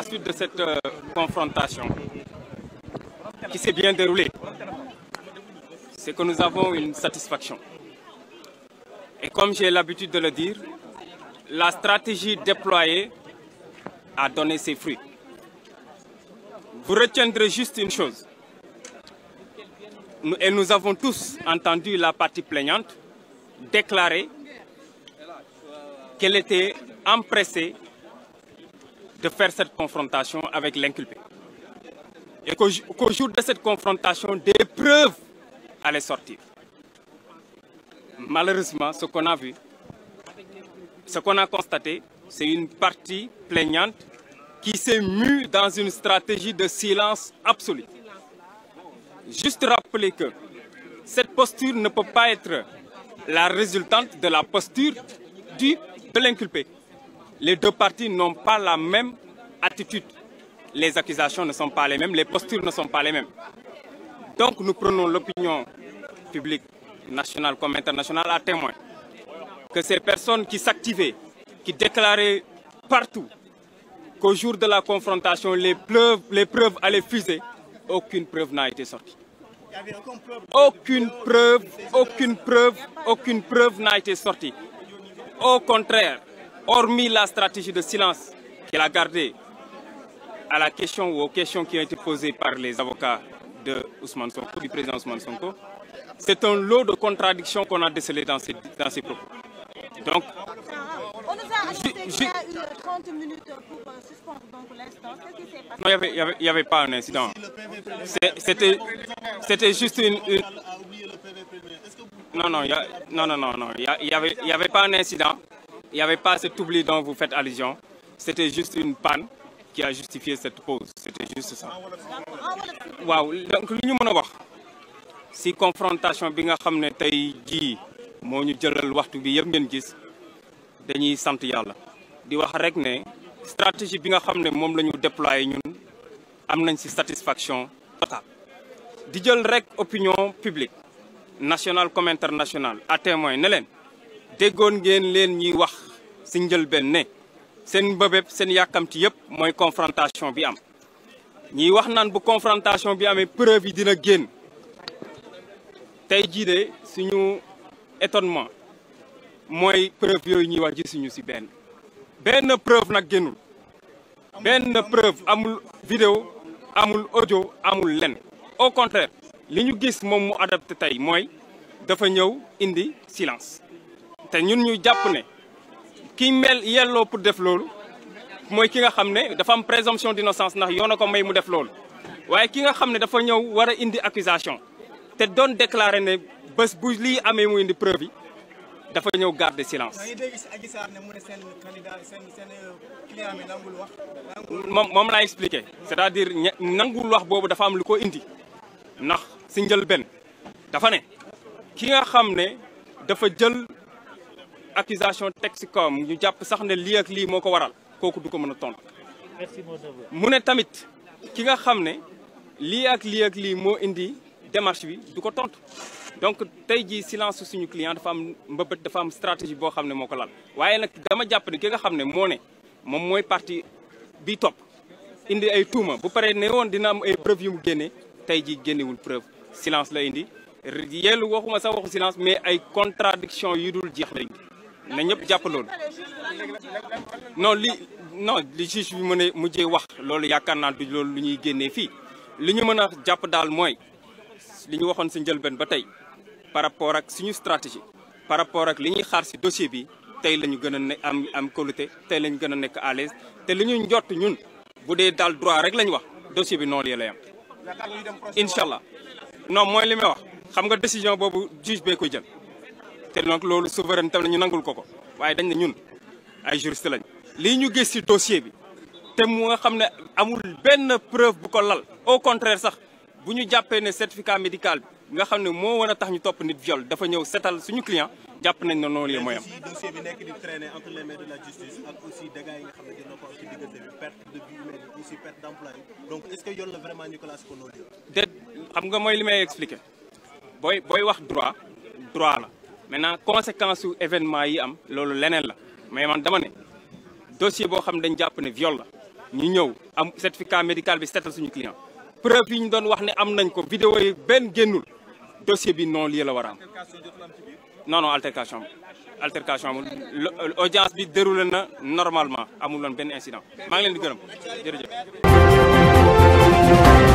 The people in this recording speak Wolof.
la suite de cette euh, confrontation qui s'est bien déroulée, c'est que nous avons une satisfaction. Et comme j'ai l'habitude de le dire, la stratégie déployée a donné ses fruits. Vous retiendrez juste une chose. Et nous avons tous entendu la partie plaignante déclarer qu'elle était empressée de faire cette confrontation avec l'inculpé. Et qu'au qu jour de cette confrontation, des preuves allaient sortir. Malheureusement, ce qu'on a vu, a constaté, c'est une partie plaignante qui s'est mue dans une stratégie de silence absolu. Juste rappeler que cette posture ne peut pas être la résultante de la posture du, de l'inculpé. les deux parties n'ont pas la même attitude. Les accusations ne sont pas les mêmes, les postures ne sont pas les mêmes. Donc nous prenons l'opinion publique nationale comme internationale à témoin que ces personnes qui s'activaient, qui déclaraient partout qu'au jour de la confrontation, les preuves, les preuves allaient fuser, aucune preuve n'a été sortie. Aucune aucune preuve n'a été sortie. Au contraire, hormis la stratégie de silence qu'il a gardée à la question ou aux questions qui ont été posées par les avocats de Ousmane Sonko, c'est un lot de contradictions qu'on a décelées dans ces, propos. Euh, non, il y avait pas un incident. Il n'y avait pas cet oubli dont vous faites allusion. C'était juste une panne qui a justifié cette pause. C'était juste ça. waaw donc li ñu mën a wax si confrontation bi nga xam ne tey jii moo ñu jëlal waxtu bi yëpp ngeen gis dañuy sant yàlla. di wax rek ne stratégie bi nga xam ne moom la ñu déployé ñun am nañ si satisfaction totale. di jël rek opinion publique nationale comme internationale à témoin ne leen. déggoon ngeen leen ñuy wax si njëlbeen ne seen mbëbëb seen yàkkamti yëpp mooy confrontation bi am ñiy wax naan bu confrontation bi amee preuve yi dina génn tey jii de suñu étonement mooy preuve yooyu ñuy wax gisuñu si benn benn preuve nag génnul benn preuve amul vidéo amul audio amul lenn au contraire li ñu gis moom mu adapté tey mooy dafa ñëw indi silence te ñun ñu jàpp ne ki mel yelloo pour def loolu mooy ki nga xam ne dafa am présomption d'innocence ndax yoon a ko may mu def loolu waaye ki nga xam ne dafa ñëw war a indi accusation te doon déclaré ne bés bu lii amee mu indi preuve yi dafa ñëw garder silence. moom moom laa expliqué c'est-à-dire nangul wax boobu dafa am lu ko indi ndax si njëlbeen dafa ne ki nga xam ne dafa jël. accusation teg si kawam ñu jàpp sax ne lii ak lii moo ko waral kooku du ko mën a tontu. mu ne tamit ki nga xam ne lii ak lii lii moo indi démarche bi du ko tontu. donc tey jii silence suñu client dafa am mbëbët dafa am stratégie boo xam ne moo ko lal waaye nag dama jàpp ne ki nga xam ne moo ne moom mooy parti bi topp indi ay tuuma bu paree ne dina am ay preuve yu mu génne tey ji génnewul preuve silence la indi yellu waxuma sax waxu silence mais ay contradiction yu dul jeex lañ na ñëpp jàpp loolu non li non li juge bi mën a mujjee wax loolu yaakaar naa du loolu lu ñuy génnee fii li ñu mën a jàpp daal mooy li ñu waxoon si njëlbeen ba tey par rapport ak suñu stratégie par rapport ak li ñuy xaar si dossier bi tey la ñu gën a ne am am qualité tey la ñu gën a nekk à l'aise te li ñu njott ñun bu dee daal droit rek la ñu wax dossier bi noonu lay am incha allah non mooy li ma wax xam nga décision boobu juge bee koy jël te donc loolu souverain tam la ñu nangul ko ko waaye dañ ne ñun ay juriste lañ lii ñu gis ci dossier bi te mu nga xam ne amul benn preuve bu ko lal au contraire sax bu ñu jàppee ne certificat médical bi nga xam ne moo war a tax ñu topp nit viol dafa ñëw setal suñu client jàpp nañ na noonu la nekk di traîner entre les mains de la justice ak yi nga xam ne de xam nga mooy li may expliquer booy booy wax droit droit la. maintenant conséquence su événement yi am loolu leneen la mais man dama ne dossier boo xam ne dañ jàpp ne viol la ñu ñëw am certificat médical bi setal suñu client preuve yi ñu doon wax ne am nañ ko vidéo yi benn génnul dossier bi non lié la war a am non non altercation altercation amul audience bi déroulé na normalement amul woon benn incident maa ngi leen di gërëm jërëjëf